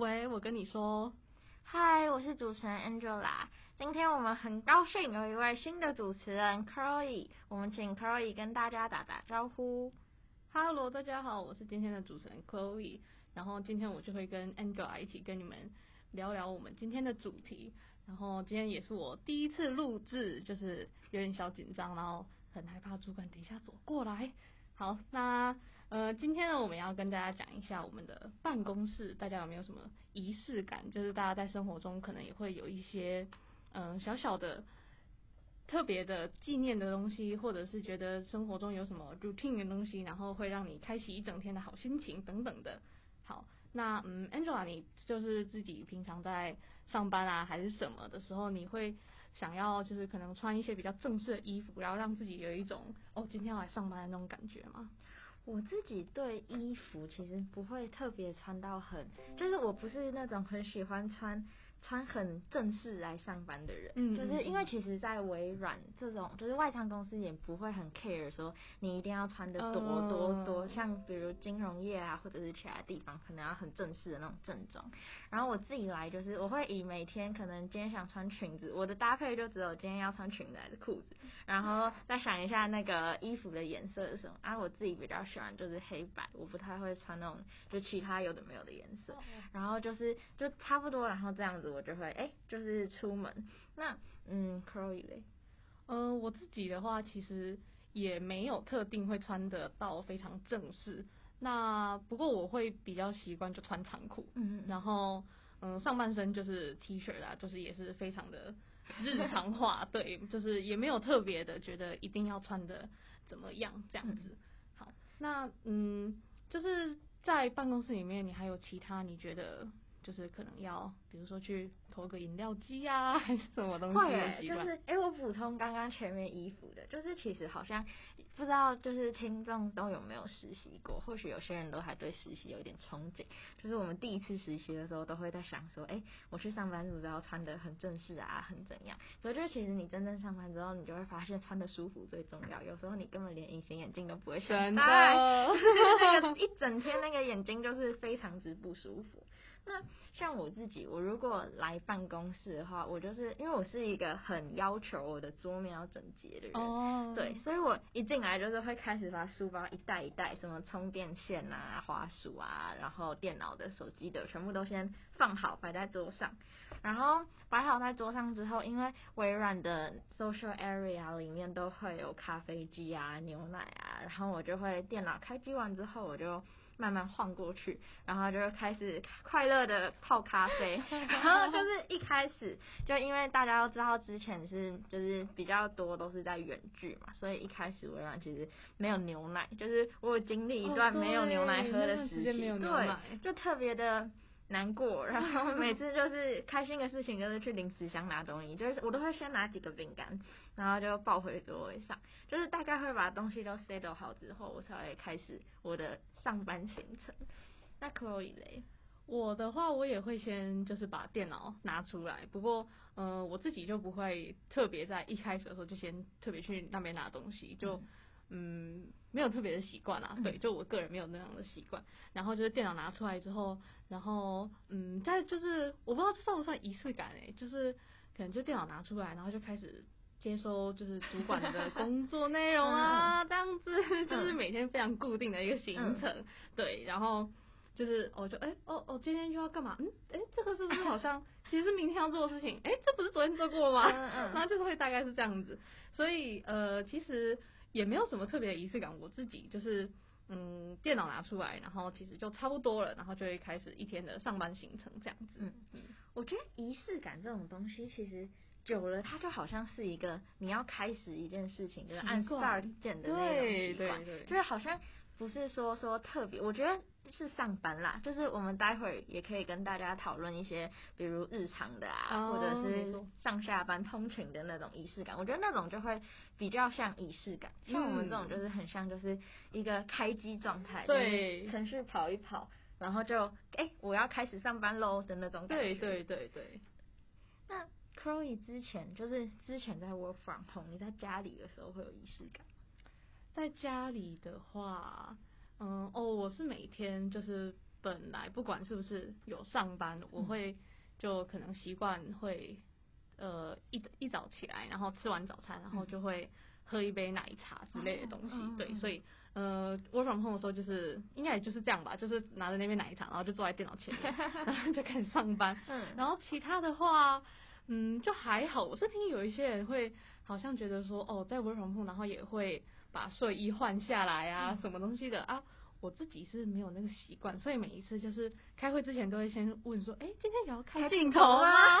喂，我跟你說，嗨，我是主持人 Angela，今天我們很高興有一位新的主持人 Chloe，我們請 Chloe 跟大家打打招呼。Hello，大家好，我是今天的主持人 Chloe，然後今天我就會跟 Angela 一起跟你們聊聊我們今天的主題，然後今天也是我第一次錄制，就是有點小緊張，然後很害怕主管等一下走過來。好，那。呃，今天呢，我們要跟大家講一下我們的辦公室，大家有沒有什麼儀式感？就是大家在生活中可能也會有一些，嗯、呃，小小的特別的紀念的東西，或者是覺得生活中有什麼 routine 的東西，然後會讓你開啟一整天的好心情等等的。好，那嗯，Angela，你就是自己平常在上班啊還是什麼的時候，你會想要就是可能穿一些比較正式的衣服，然後讓自己有一種哦，今天要來上班的那種感覺嗎？我自己對衣服其實不會特別穿到很，就是我不是那種很喜歡穿穿很正式來上班的人，嗯嗯，就是因為其實，在微軟這種就是外商公司也不會很 care 說你一定要穿的多多多，嗯、像比如金融業啊或者是其他地方可能要很正式的那種正裝。然後我自己來，就是我會以每天可能今天想穿裙子，我的搭配就只有今天要穿裙子還是褲子，然後再想一下那個衣服的顏色是什麼啊？我自己比較喜歡就是黑白，我不太會穿那種就其他有的沒有的顏色，然後就是就差不多，然後這樣子我就會哎，就是出門。那嗯 Crowley 咧？呃，我自己的話其實也沒有特定會穿得到非常正式。那不過我會比較習慣就穿長褲，嗯、然後嗯、呃、上半身就是 T 恤啦、啊，就是也是非常的日常化， 對，就是也沒有特別的覺得一定要穿的怎麼樣這樣子。嗯、好，那嗯就是在辦公室裡面，你還有其他你覺得？就是可能要，比如說去偷個飲料機啊，還是什麼東西、欸？就是，哎、欸，我普通剛剛前面衣服的，就是其實好像不知道，就是聽眾都有沒有實習過？或許有些人都還對實習有一點憧憬。就是我們第一次實習的時候，都會在想說，哎、欸，我去上班是不是要穿的很正式啊，很怎樣？所以就是其實你真正上班之後，你就會發現穿的舒服最重要。有時候你根本連隱形眼鏡都不會選，的那個 一整天那個眼睛就是非常之不舒服。那像我自己，我如果來辦公室的話，我就是因為我是一個很要求我的桌面要整潔的人，Oh. 對，所以我一進來就是會開始把書包一袋一袋，什麼充電線啊、滑鼠啊，然後電腦的、手機的，全部都先放好擺在桌上。然後擺好在桌上之後，因為微軟的 social area 裡面都會有咖啡機啊、牛奶啊，然後我就會電腦開機完之後，我就。慢慢晃過去，然後就開始快樂的泡咖啡。 然後就是一開始，就因為大家都知道之前是就是比較多都是在遠距嘛，所以一開始我原來其實沒有牛奶，就是我有經歷一段沒有牛奶喝的時期，oh, 對，時對，就特別的。難過，然後每次就是開心的事情就是去零食箱拿東西，就是我都會先拿幾個餅乾，然後就抱回座位上，就是大概會把東西都塞都好之後，我才會開始我的上班行程。那 Chloe 嘞？我的話我也會先就是把電腦拿出來，不過呃我自己就不會特別在一開始的時候就先特別去那邊拿東西就。嗯嗯，沒有特別的習慣啦，對，就我個人沒有那樣的習慣。嗯、然後就是電腦拿出來之後，然後嗯，在就是我不知道這算不算儀式感誒、欸、就是可能就電腦拿出來，然後就開始接收就是主管的工作內容啊， 嗯嗯，這樣子就是每天非常固定的一個行程，嗯、對，然後就是我就哎，哦、欸、哦、喔喔，今天又要幹嘛？嗯，哎、欸，這個是不是好像 其實是明天要做的事情？哎、欸，這不是昨天做過嗎？嗯嗯，然後就是會大概是這樣子，所以呃，其實。也沒有什麼特別的儀式感，我自己就是嗯，電腦拿出來，然後其實就差不多了，然後就會開始一天的上班行程這樣子。嗯嗯，嗯我覺得儀式感這種東西，其實久了它就好像是一個你要開始一件事情就是按下 start 鍵的那個習慣，就是好像不是說說特別，我覺得。是上班啦，就是我們待會兒也可以跟大家討論一些，比如日常的啊，嗯、或者是上下班通勤的那種儀式感。我覺得那種就會比較像儀式感，嗯、像我們這種就是很像就是一個開機狀態，對、嗯，程序，跑一跑，對然後就哎、欸、我要開始上班嘍的那種感覺。對對對對。那 Chloe 之前就是之前在 Work from home，你在家裡的時候會有儀式感？在家裡的話。嗯哦，我是每天就是本來不管是不是有上班，嗯、我會就可能習慣會呃一一早起來，然後吃完早餐，然後就會喝一杯奶茶之類的東西。嗯、對，所以呃 work from home 的時候就是應該也就是這樣吧，就是拿着那杯奶茶，然後就坐在電腦前 然後就開始上班。嗯，然後其他的話。嗯，就還好。我是聽有一些人會，好像覺得說，哦，在 work from home 然後也會把睡衣換下來啊，什麼東西的啊。我自己是沒有那個習慣，所以每一次就是開會之前都會先問說，哎、欸，今天也要開鏡頭嗎？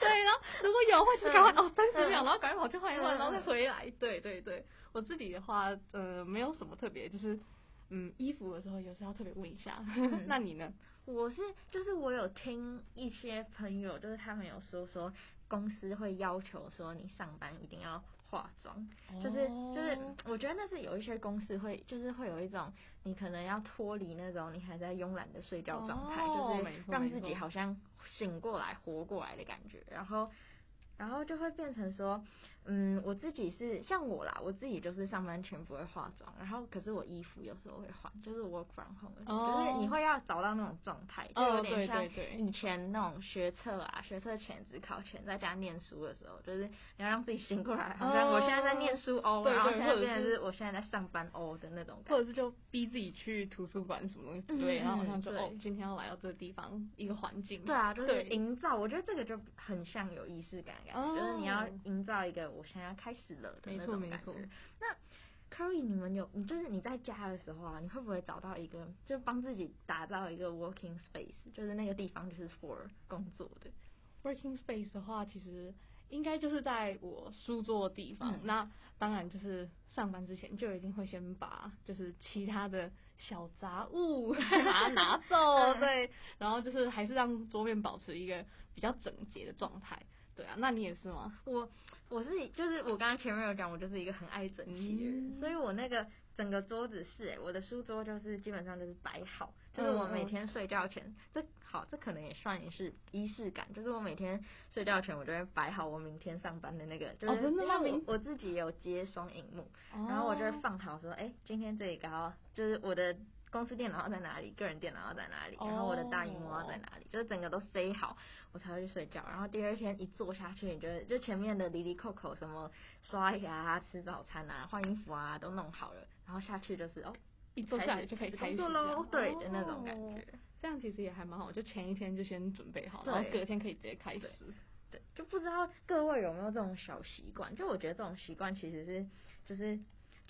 對，然後如果有的話就是趕快、嗯、哦三十秒，嗯、然後趕快跑去換一換，然後再回來。嗯、對對對，我自己的話，呃，沒有什麼特別，就是。嗯，衣服的時候有時候特別問一下， 那你呢？我是就是我有聽一些朋友，就是他們有說，說公司會要求說，你上班一定要化妝。哦、就是就是我覺得那是有一些公司會，就是會有一種你可能要脫離那種你還在慵懶的睡覺狀態，哦、就是讓自己好像醒過來活過來的感覺，然後。然後就會變成說，嗯，我自己是像我啦，我自己就是上班前不會化妝，然後可是我衣服有時候會換，就是 work from home，哦、就是你會要找到那種狀態，就有點像以前那種學測啊、哦、對對對，學測前、指考前在家念書的時候，就是你要讓自己醒過來。好像我現在在念書哦，然後現在變成是我現在在上班哦的那種感覺或。或者是就逼自己去圖書館什麼東西，嗯、對，然後好像就、嗯對哦、今天要來到這個地方一個環境。對啊，就是營造，對我覺得這個就很像有儀式感。 就是你要營造一個我想要開始了的那種感覺，沒錯沒錯。那 Curry 你們有，就是你在家的時候啊，你會不會找到一個，就幫自己打造一個 working space，就是那個地方就是 for 工作的。working space 的話，其實應該就是在我書桌的地方。嗯、那當然就是上班之前就一定會先把就是其他的小雜物拿 拿走，嗯、對，然後就是還是讓桌面保持一個比較整潔的狀態。對啊，那你也是嗎？我我是就是我剛剛前面有講，我就是一個很愛整齊的人，嗯、所以我那個整個桌子是，我的書桌就是基本上就是擺好，嗯、就是我每天睡覺前，嗯、這好，這可能也算也是儀式感，就是我每天睡覺前我就會擺好我明天上班的那個，就是、哦、我我自己有接雙熒幕，哦、然後我就會放好說，哎、欸，今天最高就是我的。公司電腦要在哪裡，個人電腦要在哪裡，然後我的大螢幕要在哪裡，Oh. 就是整個都塞好，我才會去睡覺。然後第二天一坐下去你，你覺得就前面的離離扣扣什麼刷牙、啊、吃早餐啊、換衣服啊都弄好了，然後下去就是哦，喔、一坐下來就可以開始嘍，對的那種感覺。這樣其實也還蠻好，就前一天就先準備好，對然後隔一天可以直接開始對。對，就不知道各位有沒有這種小習慣，就我覺得這種習慣其實是就是。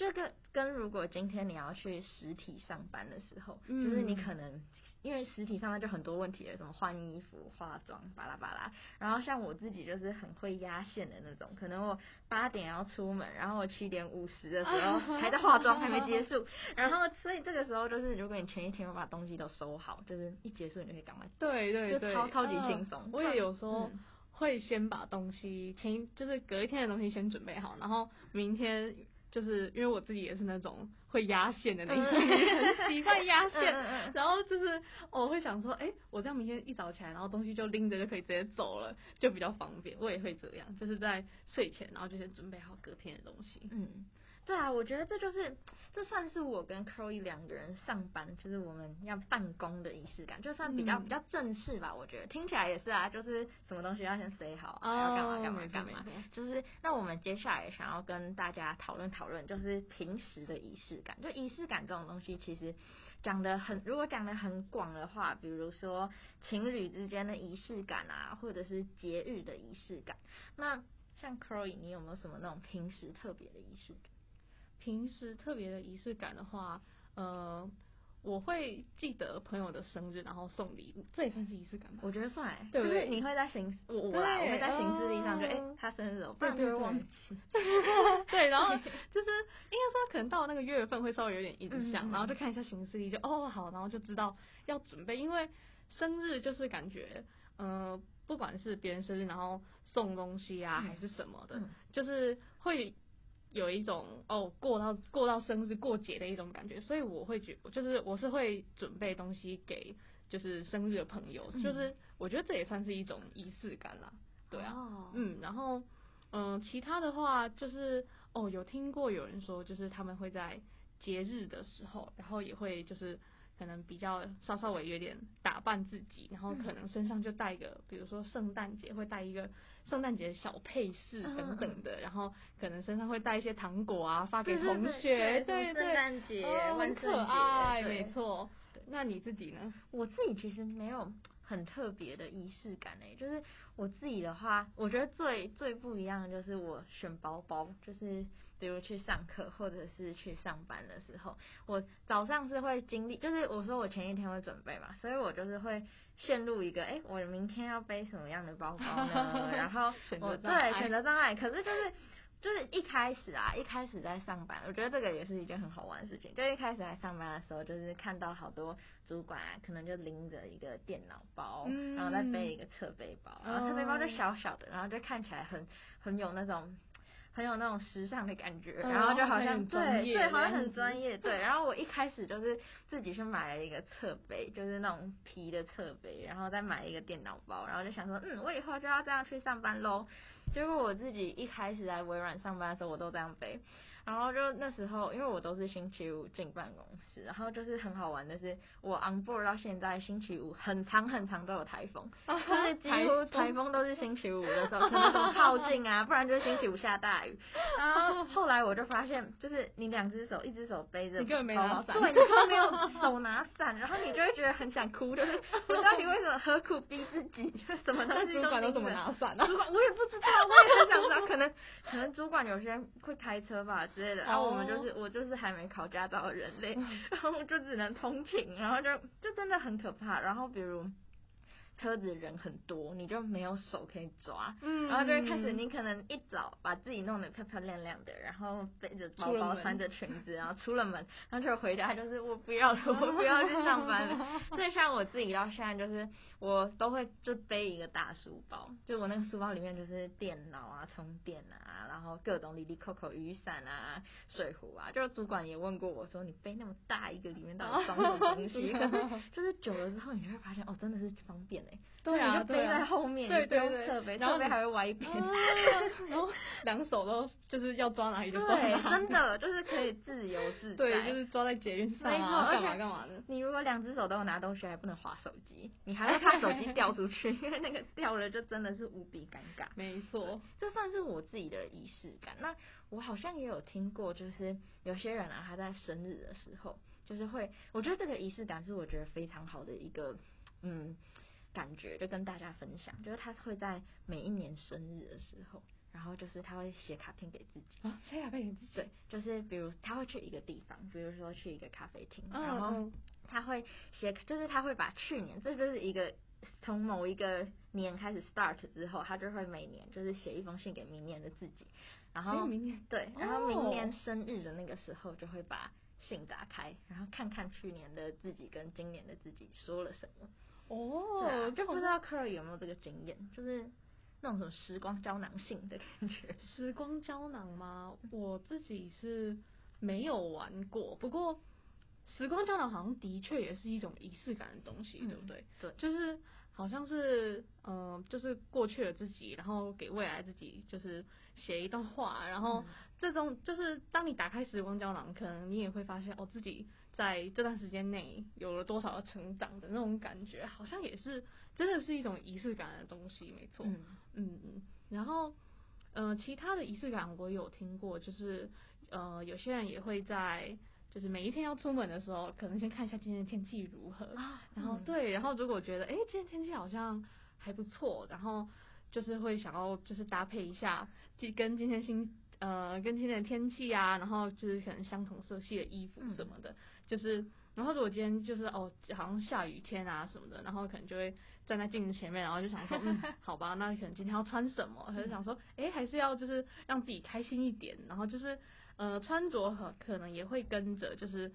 就跟，跟如果今天你要去實體上班的時候，嗯、就是你可能因為實體上班就很多問題了，有什麼換衣服、化妝，巴拉巴拉。然後像我自己就是很會壓線的那種，可能我八點要出門，然後我七點五十的時候、哎、呀還在化妝，還沒結束。哎、呀然後所以這個時候就是，如果你前一天我把東西都收好，就是一結束你就可以趕快。對對對，超超級輕鬆、嗯。我也有時候會先把東西前就是隔一天的東西先準備好，然後明天。就是因為我自己也是那種會壓線的那種，嗯、很習慣壓線。嗯、然後就是我會想說，哎、欸，我這樣明天一早起來，然後東西就拎着就可以直接走了，就比較方便。我也會這樣，就是在睡前，然後就先準備好隔天的東西。嗯。對啊，我覺得這就是，這算是我跟 Chloe 兩個人上班，就是我們要辦公的儀式感，就算比較、嗯、比較正式吧。我覺得聽起來也是啊，就是什麼東西要先 say 好，啊，要幹嘛幹嘛、oh, 幹嘛。okay. 就是那我們接下來想要跟大家討論討論，就是平時的儀式感。就儀式感這種東西，其實講得很，如果講得很廣的話，比如說情侶之間的儀式感啊，或者是節日的儀式感。那像 Chloe 你有沒有什麼那種平時特別的儀式感？平時特別的儀式感的話，呃，我會記得朋友的生日，然後送禮物，這也算是儀式感吧？我覺得算，對不對就是你會在行我來啦對我會在行事曆上就哎、嗯欸，他生日對對對，不然會忘記。 對，然後就是應該說可能到那個月份會稍微有點印象，嗯、然後就看一下行事曆，就哦好，然後就知道要準備，因為生日就是感覺，嗯、呃，不管是別人生日，然後送東西啊還是什麼的，嗯嗯、就是會。有一種哦，過到過到生日過節的一種感覺，所以我會覺得，就是我是會準備東西給就是生日的朋友，嗯、就是我覺得這也算是一種儀式感啦，對啊，哦、嗯，然後嗯，其他的話就是哦，有聽過有人說，就是他們會在節日的時候，然後也會就是可能比較稍稍微有點打扮自己，然後可能身上就帶一個，嗯、比如說聖誕節會帶一個。聖誕節小配飾等等的，嗯、然後可能身上會帶一些糖果啊，嗯、發給同學，對，對對，聖誕節、萬聖節、很、嗯、可愛，沒錯。那你自己呢？我自己其實沒有很特別的儀式感嘞、欸，就是我自己的話，我覺得最最不一樣的就是我選包包，就是。比如去上課或者是去上班的時候，我早上是會經歷，就是我說我前一天會準備嘛，所以我就是會陷入一個，哎、欸，我明天要背什麼樣的包包呢？然後我，選擇障礙，對，選擇障礙。可是就是就是一開始啊，一開始在上班，我覺得這個也是一件很好玩的事情。就一開始來上班的時候，就是看到好多主管啊，可能就拎着一個電腦包，然後再背一個側背包，然後側背包就小小的，然後就看起來很很有那種。很有那種時尚的感覺，然後就好像，哦，很很專業的樣子。對對，好像很專業。對，然後我一開始就是自己去買了一個側背，就是那種皮的側背，然後再買一個電腦包，然後就想說，嗯，我以後就要這樣去上班嘍。結果我自己一開始來微軟上班的時候，我都這樣背。然後就那時候，因為我都是星期五進辦公室，然後就是很好玩的是，我 on board 到現在星期五很長很長都有台風，就是幾乎台風都是星期五的時候，差不多靠近啊，不然就是星期五下大雨。然後後來我就發現，就是你兩只手，一只手背着，你根本沒拿傘，對，你都沒有手拿傘， 然後你就會覺得很想哭，就是不知道你為什麼何苦逼自己，什麼東西？主管都怎麼拿傘呢、啊？主管我也不知道，我也很想知道，可能可能主管有些人會開車吧。之類的，Hello. 然後我們就是我就是還沒考駕照的人類，然後就只能通勤，然後就就真的很可怕。然後比如。車子人很多，你就沒有手可以抓，嗯，然後就是開始你可能一早把自己弄得漂漂亮亮的，嗯，然後背着包包，穿着裙子，然後出了門，然後就回家，就是我不要了，我不要去上班了。 所以像我自己到現在就是，我都會就背一個大書包，就我那個書包裡面就是電腦啊，充電啊，然後各種里里扣扣，雨傘啊，水壺啊。就是主管也問過我說，你背那麼大一個裡面到底裝什麼東西？ 可是就是久了之後，你就會發現哦，真的是方便的。對啊，你就背在後面，對對對，然後後面還會歪邊，兩手都就是要抓哪裡就抓哪裡，對，真的就是可以自由自在，就是抓在捷運上啊，幹嘛幹嘛的。你如果兩只手都要拿東西，還不能滑手機，你還要怕手機掉出去，因為那個掉了就真的是無比尷尬。沒錯，這算是我自己的儀式感。那我好像也有聽過，就是有些人啊，他在生日的時候，就是會，我覺得這個儀式感是我覺得非常好的一個，嗯。感覺就跟大家分享，就是他會在每一年生日的時候，然後就是他會寫卡片給自己啊，寫卡片給自己，哦，自己對，就是比如他會去一個地方，比如說去一個咖啡廳，然後他會寫，就是他會把去年這就是一個從某一個年開始 start 之後，他就會每年就是寫一封信給明年的自己，然後明年對，然後明年生日的那個時候就會把信打開，然後看看去年的自己跟今年的自己說了什麼。哦，oh, 啊、就不知道科爾有沒有這個經驗，嗯、就是那種什麼時光膠囊性的感覺。時光膠囊嗎？我自己是沒有玩過，不過時光膠囊好像的確也是一種儀式感的東西，嗯、對不對？對，就是好像是，嗯、呃，就是過去的自己，然後給未來自己就是寫一段話，然後這種就是當你打開時光膠囊，可能你也會發現哦，自己。在這段時間內有了多少的成長的那種感覺，好像也是真的是一種儀式感的東西，沒錯。嗯嗯。然後，呃，其他的儀式感我有聽過，就是呃，有些人也會在就是每一天要出門的時候，可能先看一下今天的天氣如何。啊。嗯、然後對，然後如果覺得哎、欸、今天天氣好像還不錯，然後就是會想要就是搭配一下，跟今天新。呃，跟今天的天氣啊，然後就是可能相同色系的衣服什麼的，嗯、就是，然後如果今天就是哦，好像下雨天啊什麼的，然後可能就會站在鏡子前面，然後就想說、嗯，好吧，那可能今天要穿什麼？ 還是想說，哎、欸，還是要就是讓自己開心一點，然後就是，呃，穿着可能也會跟着就是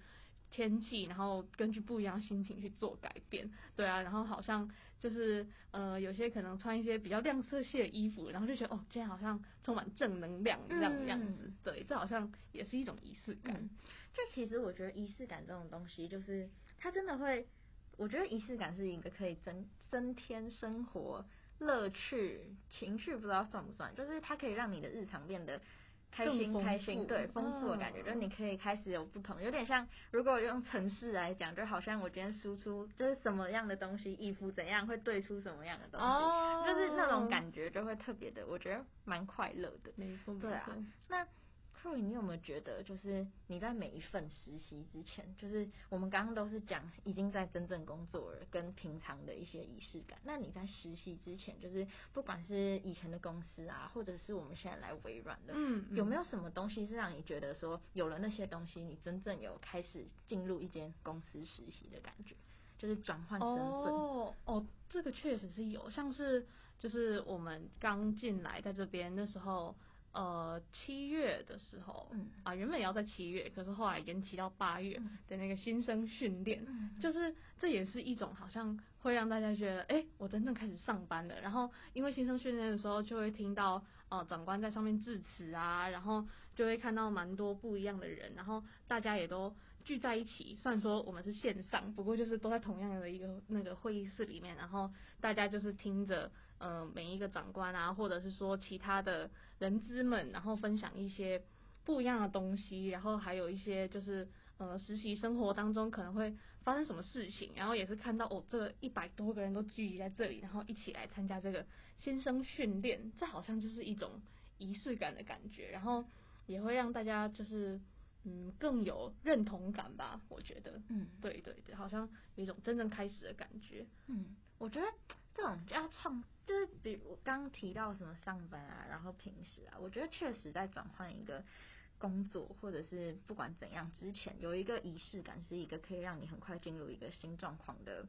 天氣，然後根據不一樣心情去做改變，對啊，然後好像。就是呃，有些可能穿一些比較亮色系的衣服，然後就覺得哦，今天好像充滿正能量這樣子。嗯、對，這好像也是一種儀式感、嗯。就其實我覺得儀式感這種東西，就是它真的會，我覺得儀式感是一個可以增增添生活樂趣、情趣，不知道算不算，就是它可以讓你的日常變得。開心開心，對，豐富的感覺就是你可以開始有不同，有點像如果用程式來講，就好像我今天輸出就是什麼樣的東西，衣服怎樣會對出什麼樣的東西，哦、就是那種感覺就會特別的，我覺得蠻快樂的。沒錯沒錯，對啊，那。你有沒有覺得，就是你在每一份實習之前，就是我們剛剛都是講已經在真正工作了，跟平常的一些儀式感。那你在實習之前，就是不管是以前的公司啊，或者是我們現在來微軟的，嗯，有沒有什麼東西是讓你覺得說，有了那些東西，你真正有開始進入一間公司實習的感覺，就是轉換身份哦。哦，這個確實是有，像是就是我們剛進來在這邊那時候。呃，七月的時候啊，原本也要在七月，可是後來延期到八月的那個新生訓練，就是這也是一種好像會讓大家覺得，誒、欸，我真正開始上班了。然後因為新生訓練的時候，就會聽到哦、呃，長官在上面致辭啊，然後就會看到蠻多不一樣的人，然後大家也都聚在一起。雖然說我們是線上，不過就是都在同樣的一個那個會議室裡面，然後大家就是聽着。嗯、呃，每一個長官啊，或者是說其他的人資們，然後分享一些不一樣的東西，然後還有一些就是呃，實習生活當中可能會發生什麼事情，然後也是看到哦，這個、一百多個人都聚集在這裡，然後一起來參加這個新生訓練，這好像就是一種儀式感的感覺，然後也會讓大家就是嗯，更有認同感吧，我覺得，嗯，對對對，好像有一種真正開始的感覺，嗯，我覺得。這種就要創，就是比如我剛提到什麼上班啊，然後平時啊，我覺得確實在轉換一個工作，或者是不管怎樣之前，有一個儀式感是一個可以讓你很快進入一個新狀況的。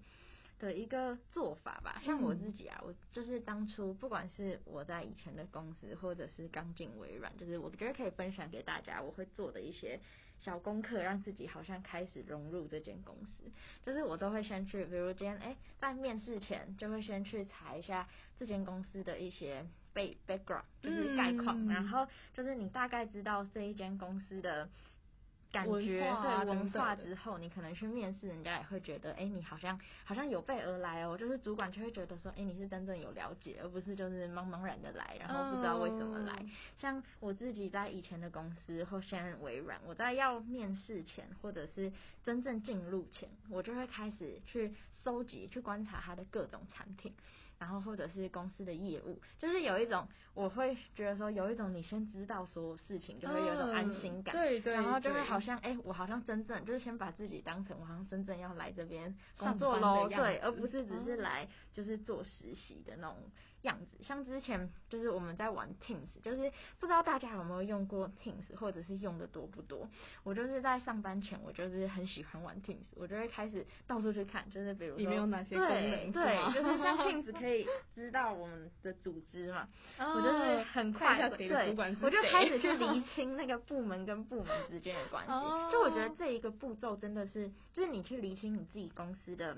的一個做法吧，像我自己啊，嗯、我就是當初不管是我在以前的公司，或者是剛進微軟，就是我覺得可以分享給大家，我會做的一些小功課，讓自己好像開始融入這間公司。就是我都會先去，比如今天誒，在、欸、面試前就會先去查一下這間公司的一些背 back, background，就是概況，嗯、然後就是你大概知道這一間公司的。感覺對文化，文化之後，你可能去面試，人家也會覺得，哎、欸，你好像好像有備而來哦。就是主管就會覺得說，哎、欸，你是真正有了解，而不是就是茫茫然的來，然後不知道為什麼來。嗯、像我自己在以前的公司或現在微軟，我在要面試前或者是真正進入前，我就會開始去。蒐集去觀察他的各種產品，然後或者是公司的業務，就是有一種我會覺得說，有一種你先知道所有事情，就會有一種安心感，嗯、對，對對，然後就會好像哎、欸，我好像真正就是先把自己當成，我好像真正要來這邊工作嘍，嗯、對，而不是只是來就是做實習的那種。樣子像之前就是我們在玩 Teams，就是不知道大家有沒有用過 Teams，或者是用的多不多。我就是在上班前，我就是很喜歡玩 Teams，我就會開始到處去看，就是比如說裡面有哪些功能對,嗎對，就是像 Teams 可以知道我們的組織嘛， 我就是很快的不管是，對，我就開始去理清那個部門跟部門之間的關係。就我覺得這一個步驟真的是，就是你去理清你自己公司的。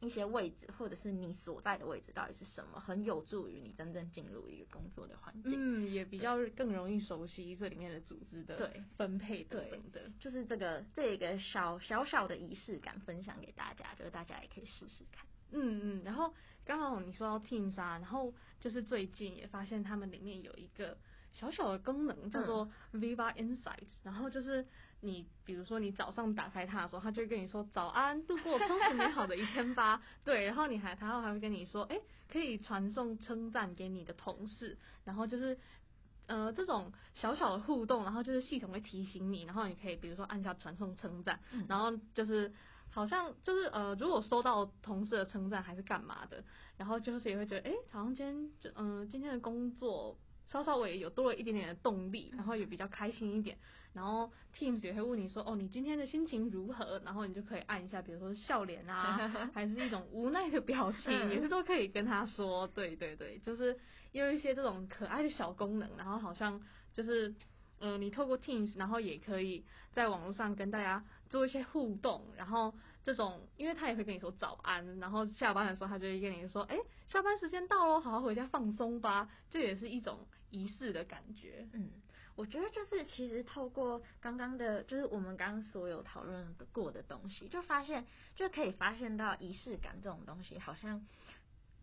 一些位置，或者是你所在的位置到底是什麼，很有助於你真正進入一個工作的環境。嗯，也比較更容易熟悉這裡面的組織的分配對對等等的。就是這個這個小小小的儀式感分享給大家，就是大家也可以試試看。嗯嗯，然後剛好你說到 Teams 啊，然後就是最近也發現他們裡面有一個小小的功能叫做 Viva Insights，嗯，然後就是。你比如說，你早上打開它的時候，它就會跟你說早安，度過充實美好的一天吧。 對，然後你還，它還會跟你說，欸，可以傳送稱讚給你的同事。然後就是，呃，這種小小的互動，然後就是系統會提醒你，然後你可以比如說按下傳送稱讚，嗯、然後就是好像就是呃，如果收到同事的稱讚還是幹嘛的，然後就是也會覺得，欸，好像今天就嗯、呃，今天的工作。稍稍微有多了一點點的動力，然後也比較開心一點，然後 Teams 也會問你說，哦，你今天的心情如何？然後你就可以按一下，比如說笑臉啊， 還是一種無奈的表情， 也是都可以跟他說。對對對，就是有一些這種可愛的小功能，然後好像就是，嗯、呃，你透過 Teams，然後也可以在網絡上跟大家做一些互動，然後。這種，因為他也會跟你說早安，然後下班的時候，他就會跟你說，哎，下班時間到嘍，好好回家放鬆吧，這也是一種儀式的感覺。嗯，我覺得就是其實透過剛剛的，就是我們剛剛所有討論過的東西，就發現就可以發現到儀式感這種東西，好像。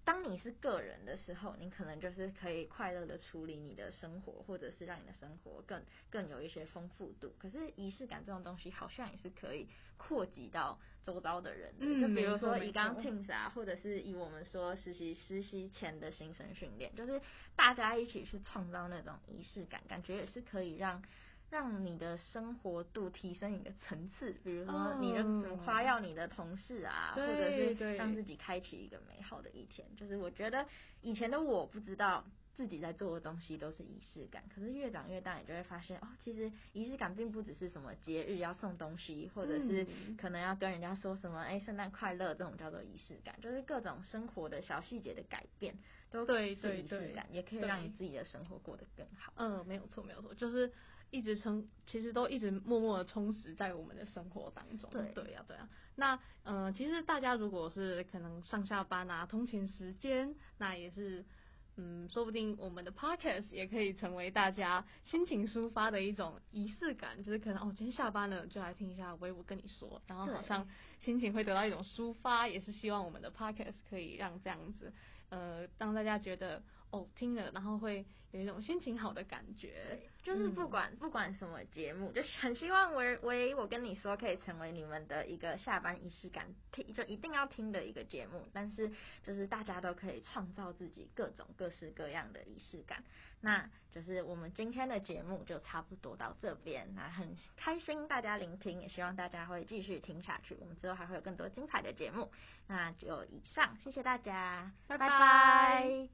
當你是個人的時候，你可能就是可以快樂的處理你的生活，或者是讓你的生活更更有一些豐富度。可是儀式感這種東西，好像也是可以擴及到周遭的人，就比如說以剛進 Teams 啊，嗯、或者是以我們說實習實習前的新生訓練，就是大家一起去創造那種儀式感，感覺也是可以讓。讓你的生活度提升一個層次，比如說你的怎麼誇耀你的同事啊，嗯、或者是讓自己開啟一個美好的一天。就是我覺得以前的我不知道自己在做的東西都是儀式感，可是越長越大，你就會發現哦，其實儀式感並不只是什麼節日要送東西，或者是可能要跟人家說什麼哎，聖誕快樂這種叫做儀式感，就是各種生活的小細節的改變都可以是儀式感，也可以讓你自己的生活過得更好。嗯，沒有錯，沒有錯，就是。一直充，其實都一直默默的充實在我們的生活當中。對呀、啊，對呀、啊。那嗯、呃，其實大家如果是可能上下班啊，通勤時間，那也是嗯，說不定我們的 podcast 也可以成為大家心情抒發的一種儀式感，就是可能哦，今天下班呢就來聽一下微我跟你說，然後好像心情會得到一種抒發，也是希望我們的 podcast 可以讓這樣子，呃，讓大家覺得。哦，聽了然後會有一種心情好的感覺，對就是不管、嗯、不管什麼節目，就很希望微～我跟你說，可以成為你們的一個下班儀式感，聽就一定要聽的一個節目。但是就是大家都可以創造自己各種各式各樣的儀式感。嗯、那就是我們今天的節目就差不多到這邊，那很開心大家聆聽，也希望大家會繼續聽下去。我們之後還會有更多精彩的節目。那就以上，謝謝大家，拜拜。拜拜。